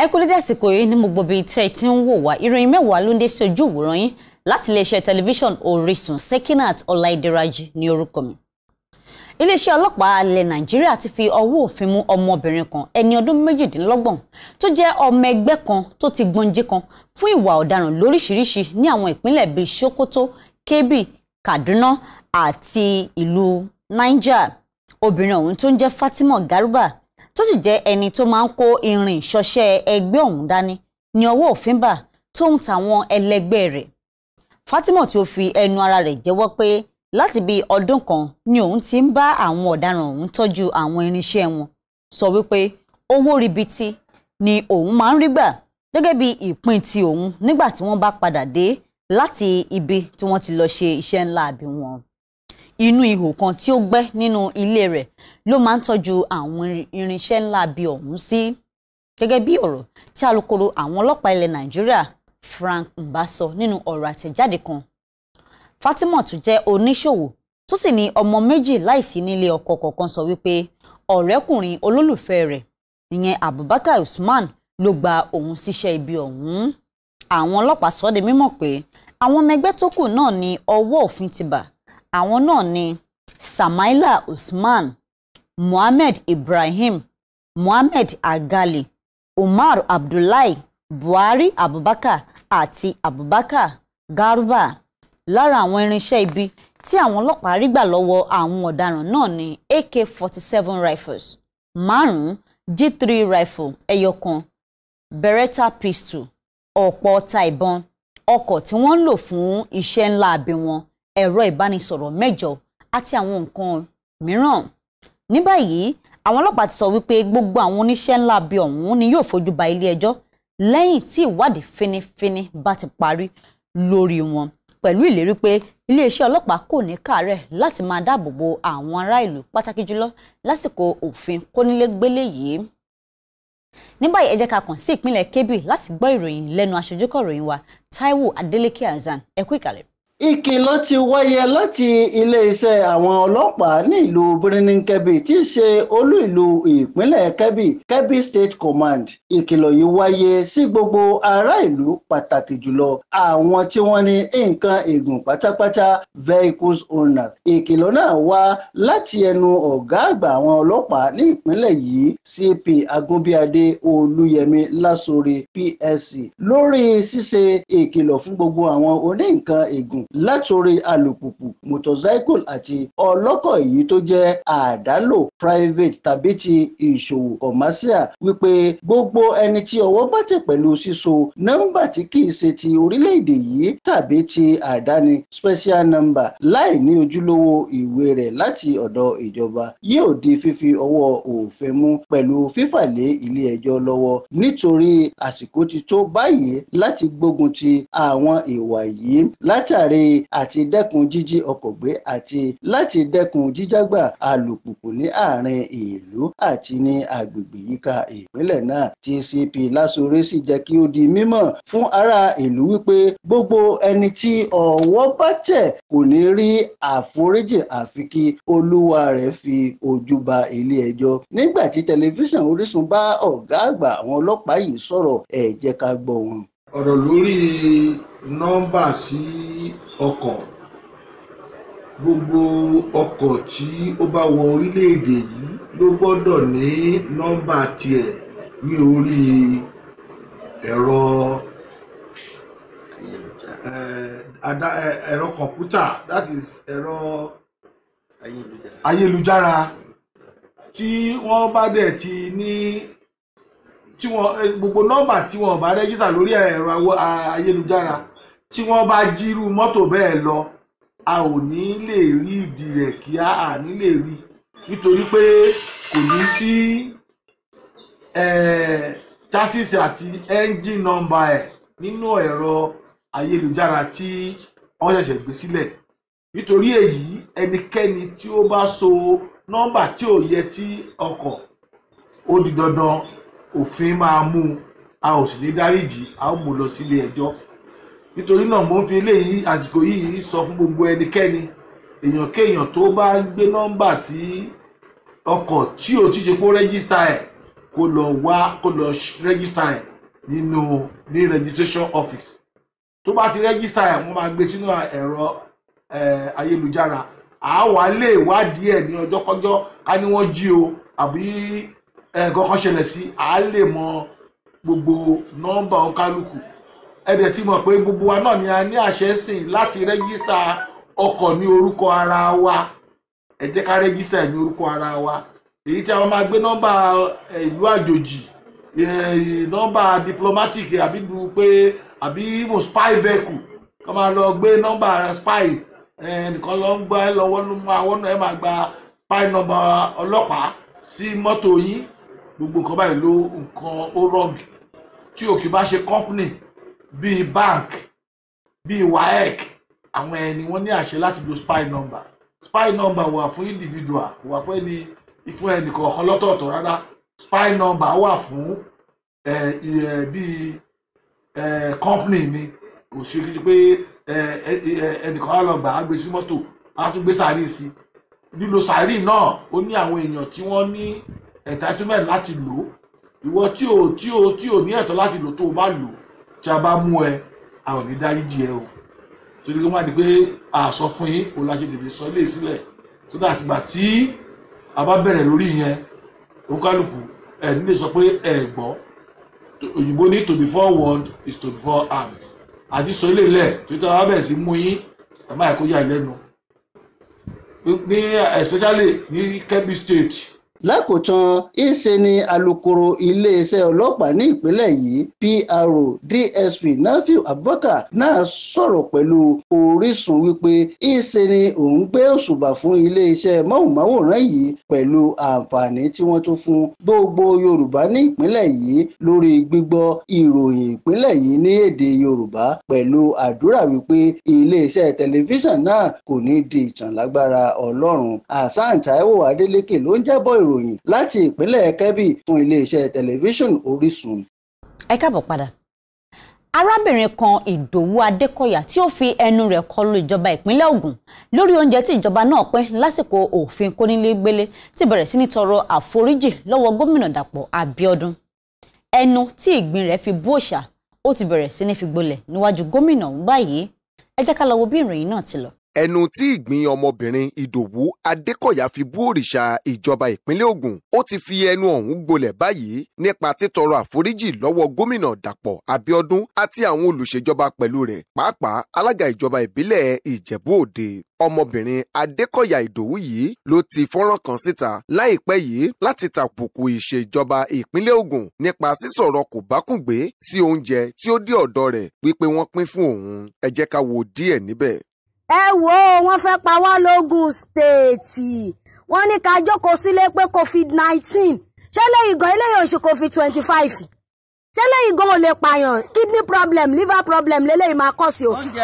ẹ kú dédé àsìkò yìí ní gbogbo ibi tẹ́ ẹ ti ń wò wá ìròyìn mẹ́wàá ló ń dé sí ojú ìwòran yín láti iléeṣẹ́ tẹlifíṣàn Orísun Sekinat Ọláìdẹ́rajì ní orúkọ mi. iléeṣẹ́ ọlọ́pàá alẹ́ Nàìjíríà ti fi ọwọ́ òfin mú ọmọbìnrin kan ẹni ọdún méjìdínlọ́gbọ̀n tó jẹ́ ọmọ ẹgbẹ́ kan tó ti gbọ́njé kan fún ìwà ọ̀daràn lóríṣiríṣi ní àwọn ìpínlẹ̀ bíi Sokoto, Kebbi, Kaduna àti ìlú Niger obìnrin ọ̀hún tó ń jẹ́ Fatima Garba tó sì jẹ́ ẹni tó máa ń kó irin ṣọṣẹ́ ẹgbẹ́ ọ̀hún dání ní ọwọ́ òfin bà tó ń tàwọn ẹlẹgbẹ́ rẹ̀ Fatima tí ó fi ẹnu ara rẹ̀ jẹ́wọ́ pé láti bí ọdún kan ni òun ti ń bá àwọn ọ̀daràn òun tọ́jú àwọn irinṣẹ́ wọn sọ wípé owó ribiti ni òun máa ń rí gbà gẹ́gẹ́ bí ìpín ti òun nígbà tí wọ́n bá padà dé láti ibi tí wọ́n ti lọ ṣe iṣẹ́ ńlá àbí wọn inú ihò kan tí ó gbẹ́ nínú ilé rẹ̀ ló máa ń tọ́jú àwọn irinṣẹ́ ńlá bíi ọ̀hún sí gẹ́gẹ́ bí ọ̀rọ̀ tí alukoro àwọn ọlọ́pàá ilẹ̀ Nàìjíríà Frank Mbaso sọ nínú ọ̀rọ̀ àtẹ̀jáde kan Fatima tó jẹ́ oníṣòwò tó sì ní ọmọ méjì láìsí nílé ọkọ kọ̀ọ̀kan sọ wípé ọ̀rẹ́kùnrin olólùfẹ́ rẹ̀ ìyẹn Abubakar Usman ló gba òun síṣẹ́ ibi ọ̀hún àwọn ọlọ́pàá sọ ọ́ di mímọ̀ pé àwọn ọmọ ẹgbẹ́ tó kù náà ní ọwọ́ òfin ti bà àwọn náà ni Samaila Usman Mohammed Ibrahim Mohammed Agali Umar Abdullahi Buhari Abubakar àti Abubakar Garba lára àwọn irinṣẹ́ ibi tí àwọn ọlọ́pàá rí gbà lọ́wọ́ àwọn ọ̀daràn náà ni AK-47 rifles márùn-ún g three rifle ẹyọkan Beretta pistol ọ̀pọ̀ ọta ìbọn ọkọ̀ tí wọ́n ń lò fún iṣẹ́ ńlá abẹ wọn ẹ̀rọ ìbánisọ̀rọ̀ mẹ́jọ àti àwọn nǹkan mìíràn ní báyìí àwọn ọlọ́pàá ti sọ wípé gbogbo àwọn oníṣẹ́ ńlá bí ọ̀hún ni yóò fojú ba ilé ẹjọ́ lẹ́yìn tí ìwádìí finifini bá ti parí lórí wọn pẹ̀lú ìlérí pé iléeṣẹ́ ọlọ́pàá kò ní káàárẹ̀ láti máa dáàbò bo àwọn ará ìlú pàtàkì jùlọ lásìkò òfin kónílégbélé yìí ní báyìí ẹ jẹ́ ká kàn sí ìpínlẹ̀ Kebbi láti gbọ́ ìròyìn lẹ́nu aṣojúkọ̀ròyìn wa Taiwo Adeleke Hasan ẹ ìkàlẹ̀ ìkìlọ̀ ti wáyé láti iléeṣẹ́ àwọn ọlọ́pàá ní ìlú birnin kebbi tí í ṣe olú ìlú ìpínlẹ̀ kebbi kebbi state command ìkìlọ̀ yìí wáyé sí gbogbo ará ìlú pàtàkì jùlọ àwọn tí wọ́n ní nǹkan ègùn pátápátá vehicles owner ìkìlọ̀ náà wá láti ẹnu ọ̀gá àgbà àwọn ọlọ́pàá ní ìpínlẹ̀ yìí cp agunbíadé olúyẹmí lásòrè psc lórí ṣíṣe ìkìlọ̀ fún gbogbo àwọn oní nǹkan ègùn látòrí alùpùpù motorcycle àti ọlọ́kọ̀ èyí tó jẹ́ àdálò private tàbí ti ìṣòwò commercial wípé gbogbo ẹni tí ọwọ́ bá tẹ̀ pẹ̀lú síso nọ́mbà tí kì í ṣe ti orílẹ̀-èdè yìí tàbí ti àdáni special number láì ní ojúlówó ìwé rẹ̀ láti ọ̀dọ̀ ìjọba yóò di fífi ọwọ́ òfin mú pẹ̀lú fífà lé ilé ẹjọ́ lọ́wọ́ nítorí àsìkò ti tó báyìí láti gbógun ti àwọn ìwà yìí látàrí lórí àti dẹ́kun jíjí ọkọ̀ gbé àti láti dẹ́kun jíjágbà alùpùpù ní àárín ìlú àti ní agbègbè yíká ìpínlẹ̀ náà TCP Lásoore sì jẹ́ kí ó di mímọ̀ fún ará ìlú wípé gbogbo ẹni tí ọwọ́ bá tẹ̀ kò ní rí àforíjì àfi kí olúwa rẹ̀ fi ojú ba ilé ẹjọ́ nígbà tí tẹlifíṣàn Orísun bá ọ̀gá àgbà àwọn ọlọ́pàá yìí sọ̀rọ̀ ẹ jẹ́ ká gbọ́ wọn ọ̀rọ̀ lórí nọ́mbà sí ọkọ̀ gbogbo ọkọ̀ tí ó bá wọ orílẹ̀-èdè yìí ló gbọ́dọ̀ ní nọ́mbà tirẹ̀ ní orí ẹ̀rọ ẹ̀rọ kọ̀ǹpútà that is ẹ̀rọ ayélujára tí wọ́n bá dẹ̀ ti ní tí wọ́n eh, gbogbo nọ́mbà tí wọ́n bá rẹ́jísà lórí ẹ̀rọ ayélujára tí wọ́n bá jírú mọ́tò bẹ́ẹ̀ lọ a ò ní lè rí ìdí rẹ̀ kí a à ní lè rí nítorí pé kò ní sí chassis àti engine number ẹ̀ nínú ẹ̀rọ ayélujára tí wọ́n ṣẹ̀ṣẹ̀ gbé sílẹ̀ nítorí èyí ẹnikẹ́ni tí ó bá so nọ́mbà tí ò yẹ ti ọkọ̀ ó di dandan òfin máa mú un a ò sì ní dáríjì a ó mú lọ sílé ẹjọ́ nítorí náà mo ń fi eléyìí àsìkò yìí sọ fún gbogbo ẹnikẹ́ni èèyàn kéèyàn tó bá ń gbé nọ́mbà sí ọkọ̀ tí ò ti ṣe kó rẹ́gísítà ẹ̀ kó lọ wá kó lọ rẹ́gísítà ẹ̀ nínú ní registration office tó bá ti rẹ́gísítà ẹ̀ wọ́n máa gbé sínú ẹ̀rọ ayélujára àá wá lè wádìí ẹ̀ ní ọjọ́kọ́jọ́ ká ní wọ́n jí o àbí nǹkan kan ṣẹlẹ̀ sí a lè mọ gbogbo nọ́mbà ọkálùkù ẹ̀dẹ̀ ti mọ̀ pé gbogbo wa náà ni a ní àṣẹ sìn láti rẹ́gísítà ọkọ̀ ní orúkọ ara wa ẹ ká ní orúkọ ara wa èyí tí a máa gbé nọ́mbà ìlú àjòjì nọ́mbà diplomatic àbí du pé àbí mo spy vehicle kọ́ máa lọ gbé nọ́mbà spy nìkan lọ ń gbá lọ́wọ́ ẹ máa gba spy ọlọ́pàá sí mọ́tò yín gbogbo nǹkan báyìí ló nǹkan ó rọ́ọ̀gì tí òkè bá ṣe company bíi bank bíi waec àwọn ẹni wọ́n ní àṣẹ láti lo spy number spy number wà fún individual wà fún ẹni fún ẹnì kọ̀ọ̀kan lọ́tọ̀ọ̀tọ̀ rárá spy number wà fún ẹ bíi ẹ company ni kò ṣe kí pé ẹ ẹ ẹnìkan á lọ gbà á gbé sí mọ́tò á tún gbé sàárì sí lílo sàárì náà ó ní àwọn èèyàn tí wọ́n ní entitlement láti lò ó ìwọ tí o tí o tí o ní ẹ̀tọ́ láti lò tó o bá lò tí a bá mú ẹ a ò ní dáríjì ẹ o torí kí wọ́n má di pé àsọ fún yín o la ṣe tètè sọ ilé sílẹ̀ tó dà tìgbà tí a bá bẹ̀rẹ̀ lórí yẹn òǹkálùkù ẹ̀ nílé sọ pé ẹ̀ gbọ́ òyìnbó ní to be forward is to be forehand àti sọ ilé lẹ̀ tó tí a bá bẹ̀rẹ̀ sí mú yín ẹ̀ má yẹ kó yà lẹ́nu ní especially ní Kebbi State lákòótán ìṣe ni alūkkóró iléeṣẹ́ ọlọ́pàá ní ìpínlẹ̀ yìí PRO DSP Nafiu Abubakar náà sọ̀rọ̀ pẹ̀lú Orísun wípé ìṣe ni òun gbé òṣùbà fún iléeṣẹ́ móhùnmáwòrán yìí pẹ̀lú àǹfààní tí wọ́n tún fún gbogbo Yorùbá ní ìpínlẹ̀ yìí lórí gbígbọ́ ìròyìn ìpínlẹ̀ yìí ní èdè Yorùbá pẹ̀lú àdúrà wípé iléeṣẹ́ tẹlifíṣàn náà kò ní di ìtàn lágbára Ọlọ́run Hasan Taiwo Adeleke ló ń jábọ̀ ìr ìròyìn láti ìpínlẹ̀ Kebbi fún iléeṣẹ́ tẹlifíṣàn Orísun. ẹ káàbọ̀ padà arábìnrin kan ìdòwú adékọ̀yà tí ó fi ẹnu rẹ̀ kọlu ìjọba ìpínlẹ̀ Ògùn lórí oúnjẹ tí ìjọba náà pín lásìkò òfin kónílégbélé ti bẹ̀rẹ̀ sí ní tọrọ àforíjì lọ́wọ́ gómìnà Dàpọ̀ Abíọ́dún ẹnu tí ìgbín rẹ̀ fi bú òòṣà ó ti bẹ̀rẹ̀ sí ní fi gbolẹ̀ níwájú gómìnà ọ̀hún báyìí ẹ jẹ́ ká lọ wo bí ìròyìn náà ti lọ ẹnu tí ìgbín ọmọbìnrin ìdòwú adékọ̀yà fi bú òrìṣà ìjọba ìpínlẹ̀ Ògùn ó ti fi ẹnu ọ̀hún gbolẹ̀ báyìí nípa títọrọ àforíjì lọ́wọ́ gómìnà Dàpọ̀ Abíọ́dún àti àwọn olùṣèjọba pẹ̀lú rẹ̀ pàápàá alága ìjọba ìbílẹ̀ Ìjẹ̀bú Òde ọmọbìnrin adékọ̀yà ìdòwú yìí ló ti fọ́nrán kan síta láìpẹ́ yìí láti tàbùkù ìṣèjọba ìpínlẹ̀ Ògùn nípa sísọ̀rọ̀ kò bákùngbé sí oúnjẹ tí ó dé ọ̀dọ̀ rẹ̀ wípé wọ́n pín fún òun ẹ ká wo díẹ̀ níbẹ̀ ẹ wò ó wọ́n fẹ́ pa wá lógún stéètì wọ́n ní ká jókòó sílé pé covid nineteen ṣé lẹ́yìn gan eléyìí ò ṣe covid twenty five ṣé lẹ́yìn gan ò lè pààyàn kidney problem liver problem lélẹ́yìn máa kọ́ sí o oúnjẹ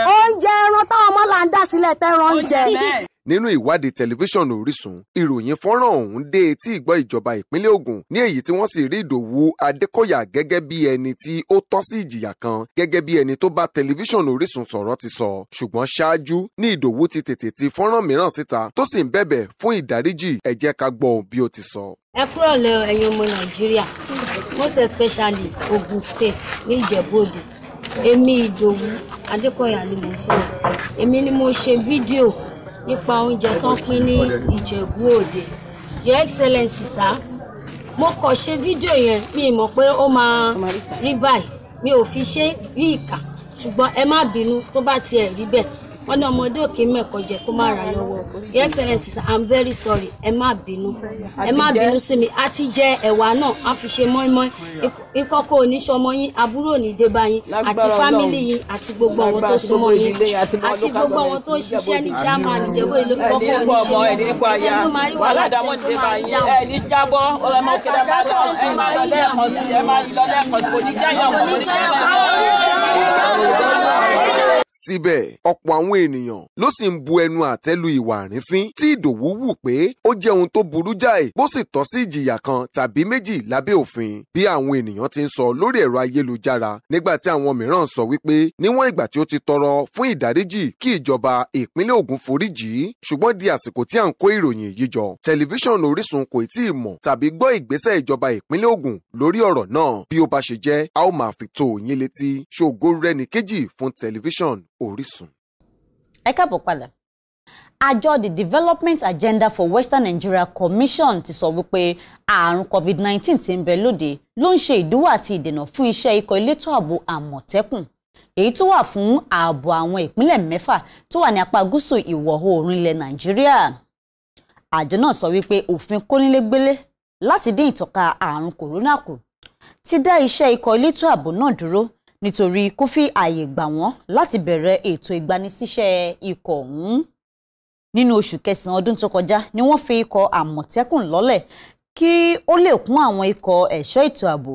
ẹran táwọn ọmọ là ń dá sílẹ̀ tẹ́ran oúnjẹ nínú ìwádìí tẹlifíṣàn Orísun ìròyìn fọ́nrán ọ̀hún dé etí ìgbọ́ ìjọba ìpínlẹ̀ Ògùn ní èyí tí wọ́n sì rí Ìdòwú Adékọ̀yà gẹ́gẹ́ bí ẹni tí ó tọ́ sí ìjìyà kan gẹ́gẹ́ bí ẹni tó bá tẹlifíṣàn Orísun sọ̀rọ̀ ti sọ ṣùgbọ́n ṣáájú ní Ìdòwú ti tètè ti fọ́nrán mìíràn síta tó sì ń bẹ̀bẹ̀ fún ìdáríjì ẹ jẹ́ ká gbọ́ ohun bí ó ti sọ. ẹ kúrò lẹ ẹ̀yin ọmọ Nàìjíríà most especially Ogun State ní Ìjẹ̀bú-Òde èmi Ìdòwú Adékọ̀yà ni mo sọ èmi ni mo ṣe fídíò nípa oúnjẹ tó ń pín ní Ìjẹ̀bú Òde Your Excellency sá mo kàn ṣe fídíò yẹn mi mọ̀ pé ó máa rí báyìí mi ò fi ṣe rí ìkà ṣùgbọ́n ẹ má bínú tó bá tiẹ̀ rí bẹ́ẹ̀ wọn náà ọmọdé òkè mẹ́kọ̀ọ́ jẹ kó má ra lọ́wọ́ your excellence sir i'm very sorry ẹ má bínú ẹ má bínú sí mi àti jẹ ẹ̀wà náà á fi ṣe mọ́ínmọ́ín ìkọ̀kọ̀ oníṣọmọ yín àbúrò onídébá yín àti fámìlì yín àti gbogbo àwọn tó súnmọ́ yín àti gbogbo àwọn tó ṣiṣẹ́ ní ṣáàmà ìjẹ́wó ìlú ìkọ̀kọ̀ oníṣẹ́ wọn ẹ̀sẹ̀ tó máa rí wàhálà síbẹ̀ ọ̀pọ̀ àwọn ènìyàn ló sì ń bu ẹnu àtẹ́ lu ìwà àrífín tí ìdòwú wù pé ó jẹ́ ohun tó burú jáì bó sì tọ́ sí ìjìyà kan tàbí méjì lábẹ́ òfin bí àwọn ènìyàn ti ń sọ lórí ẹ̀rọ ayélujára nígbà tí àwọn mìíràn sọ wípé níwọ̀n ìgbà tí ó ti tọrọ fún ìdáríjì kí ìjọba ìpínlẹ̀ Ògùn foríjì ṣùgbọ́n di àsìkò tí à ń kó ìròyìn yìí jọ tẹlifíṣàn Orísun kò tí ì mọ̀ tàbí gbọ́ ìgbésẹ̀ ìjọba ìpínlẹ̀ Ògùn lórí ọ̀rọ̀ náà bí ó bá ṣe jẹ́ a ó máa fi tó yín létí ṣògo rẹ́ni fún tẹlifíṣàn Orísun. ẹ káàbọ̀ padà àjọ the development agenda for western nigeria commission ti sọ wípé ààrùn covid-19 ti ń bẹ lóde ló ń ṣe ìdíwọ́ àti ìdènà fún iṣẹ́ ikọ̀ elétò ààbò àmọ̀tẹ́kùn èyí tó wà fún ààbò àwọn ìpínlẹ̀ mẹ́fà tó wà ní apá gúúsù ìwọ̀ oòrùn ilẹ̀ nàìjíríà àjọ náà sọ wípé òfin kónílégbélé láti dín ìtọ́ka ààrùn kòrónà kù ti dá iṣẹ́ ikọ̀ elétò ààbò náà dúró nítorí kò fi ààyè gbà wọ́n láti bẹ̀rẹ̀ ètò ìgbanisíṣẹ́ ikọ̀ ọ̀hún nínú oṣù kẹsànán ọdún tó kọjá ni wọ́n fi ikọ̀ àmọ̀tẹ́kùn lọ́lẹ̀ kí ó lè kún àwọn ikọ̀ ẹ̀ṣọ́ ètò ààbò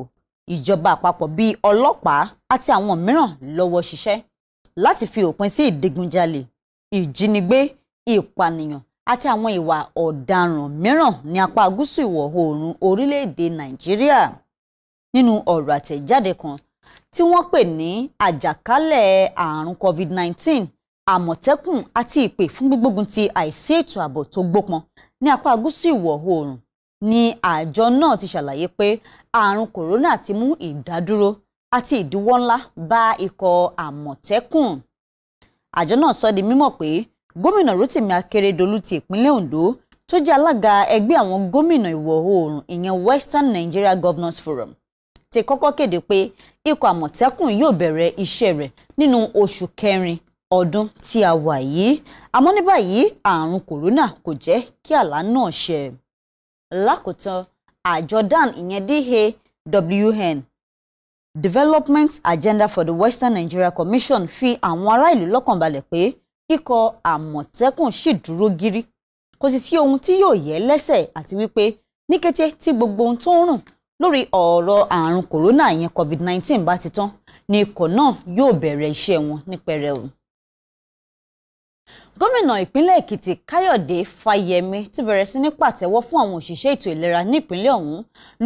ìjọba àpapọ̀ bíi ọlọ́pàá àti àwọn mìíràn lọ́wọ́ ṣiṣẹ́ láti fi òpin sí ìdigunjalè ìjínigbé ìpànìyàn àti àwọn ìwà ọ̀daràn mìíràn ní apá gúúsù ìwọ̀ oòrùn orílẹ̀-èdè nàìjíríà nínú ọ̀rọ̀ àtẹ̀jáde kan tí wọ́n pè ní àjàkálẹ̀ àrùn covid-19 àmọ̀tẹ́kùn àti ìpè fún gbígbógun ti àìsí ètò ààbò tó gbópọn ní apá gúúsù ìwọ̀ oòrùn ni àjọ náà ti ṣàlàyé pé àrùn kòrónà ti mú ìdádúró àti ìdíwọ́ ńlá bá ikọ̀ àmọ̀tẹ́kùn àjọ náà sọ di mímọ̀ pé gómìnà Rotimi Akeredolu ti ìpínlẹ̀ Ondo tó jẹ́ alága ẹgbẹ́ àwọn gómìnà ìwọ̀ oòrùn ìyẹn Western Nigeria Governors Forum ti kọ́kọ́ kéde pé ikọ̀ àmọ̀tẹ́kùn yóò bẹ̀rẹ̀ iṣẹ́ rẹ̀ nínú oṣù kẹrin ọdún tí a wà yìí àmọ́ ní báyìí àrùn kòrónà kò jẹ́ kí àlá náà ṣẹ. lákòótán àjọ dan ìyẹn DAWN Development Agenda for the Western Nigeria Commission fi àwọn ará ìlú lọ́kàn balẹ̀ pé ikọ̀ àmọ̀tẹ́kùn sì dúró gírí kò sì sí ohun tí yóò yẹ lẹ́sẹ̀ àti wípé ní kété tí gbogbo ohun tó ń rùn lórí ọ̀rọ̀ àrùn kòrónà yẹn covid-19 bá ti tán ni ikọ̀ náà yóò bẹ̀rẹ̀ iṣẹ́ wọn ní pẹrẹu. gómìnà ìpínlẹ̀ èkìtì káyọ̀dé fáyemí ti bẹ̀rẹ̀ sí ní pàtẹ́wọ́ fún àwọn òṣìṣẹ́ ètò ìlera nípínlẹ̀ ọ̀hún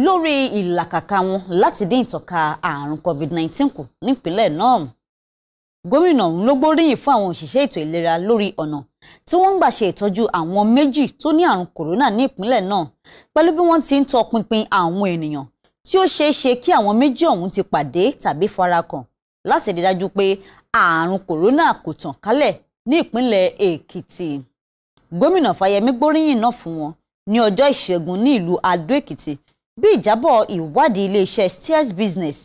lórí ìlàkàkà wọn láti dín ìtànká àrùn covid-19 kù nípínlẹ̀ náà gómìnà ọ̀hún ló gbóríyìn fún àwọn òṣìṣẹ́ ètò ìlera lórí ọ̀nà tí wọ́n ń gbà ṣe ìtọ́jú àwọn méjì tó ní àrùn kòrónà ní ìpínlẹ̀ náà pẹ̀lú bí wọ́n ti ń tọpinpin àwọn ènìyàn tí ó ṣeé ṣe kí àwọn méjì ọ̀hún ti pàdé tàbí farakàn láti rí dájú pé àrùn kòrónà kò tàn kálẹ̀ ní ìpínlẹ̀ èkìtì gómìnà fáyemí gbóríyìn náà fún wọn ní ọjọ́ ìṣẹ́gun ní ìlú adó èkìtì bí ìjábọ̀ ìwádìí iléeṣẹ́ steers business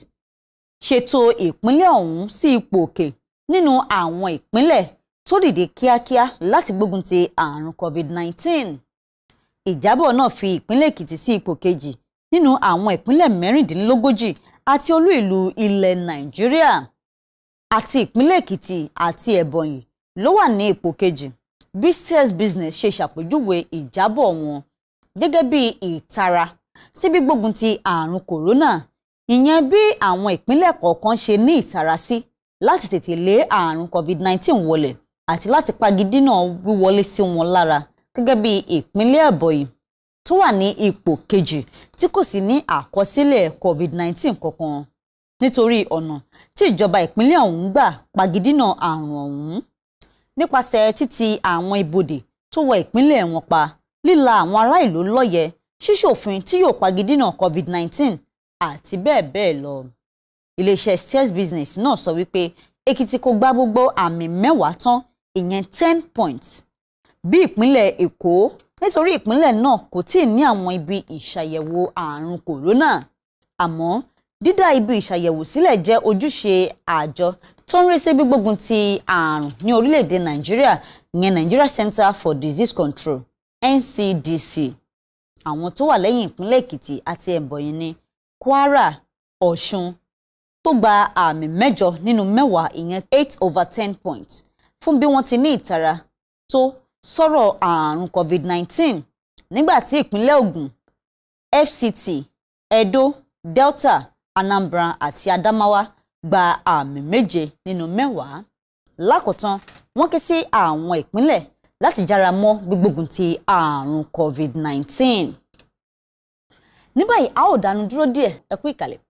ṣètò ìpínlẹ̀ ọ̀hún sí ipò òkè nínú àwọn ìpínlẹ̀ tó dìde kíákíá láti gbógun ti àrùn covid-19 ìjábọ̀ náà fi ìpínlẹ̀ èkìtì sí ipò kejì nínú àwọn ìpínlẹ̀ mẹ́rìndínlógójì àti olú ìlú ilẹ̀ nàìjíríà àti ìpínlẹ̀ èkìtì àti ẹ̀bọ̀nyì ló wà ní ipò kejì bí sales business ṣe ṣàpèjúwe ìjábọ̀ wọn gẹ́gẹ́ bí ìtara sí gbígbógun ti àrùn kòrónà ìyẹn bí àwọn ìpínlẹ̀ kọ̀ọ̀kan ṣe ní ìtara sí si láti tètè lé ààrùn covid-19 wọlé àti láti pagidínà wíwọlé sí wọn lára gẹ́gẹ́ bí ìpínlẹ̀ ẹ̀bọ̀yì tó wà ní ipò kejì tí kò sì ní àkọsílẹ̀ covid-19 kankan nítorí ọ̀nà tí ìjọba ìpínlẹ̀ ọ̀hún gbà pagidínà ààrùn ọ̀hún nípasẹ̀ títì àwọn ibodè tó wọ ìpínlẹ̀ wọn pa líla àwọn ará ìlú lọ́yẹ̀ ṣíṣòfin tí yóò pagidínà covid-19 àti bẹ́ẹ̀ bẹ́ẹ̀ lọ iléeṣẹ́ steers business náà sọ wípé èkìtì kò gbá gbogbo àmì mẹ́wàá tán ìyẹn ten points bí ìpínlẹ̀ èkó nítorí ìpínlẹ̀ náà kò tí ì ní àwọn ibi ìṣàyẹ̀wò àrùn kòrónà àmọ́ dídá ibi ìṣàyẹ̀wò sílẹ̀ jẹ́ ojúṣe àjọ tó ń rí sí gbígbógun ti àrùn ní orílẹ̀-èdè nàìjíríà ìyẹn nigeria center for disease control ncdc àwọn tó wà lẹ́yìn ìpínlẹ̀ èkìtì àti ẹ̀bọ̀nyí ní kwara ọ̀ṣun tó gba àmì mẹ́jọ nínú mẹ́wàá ìyẹn eight over ten points fún bí wọ́n ti ní ìtara tó sọ̀rọ̀ ààrùn covid-19 nígbà tí ìpínlẹ̀ Ògùn FCT Edo Delta Anambra àti Adamawa gba àmì méje nínú mẹ́wàá lákòótán wọ́n ké sí àwọn ìpínlẹ̀ láti jára mọ́ gbígbógun ti ààrùn covid-19 ní a ó dánu dúró díẹ̀ ẹ kú ìkàlẹ̀.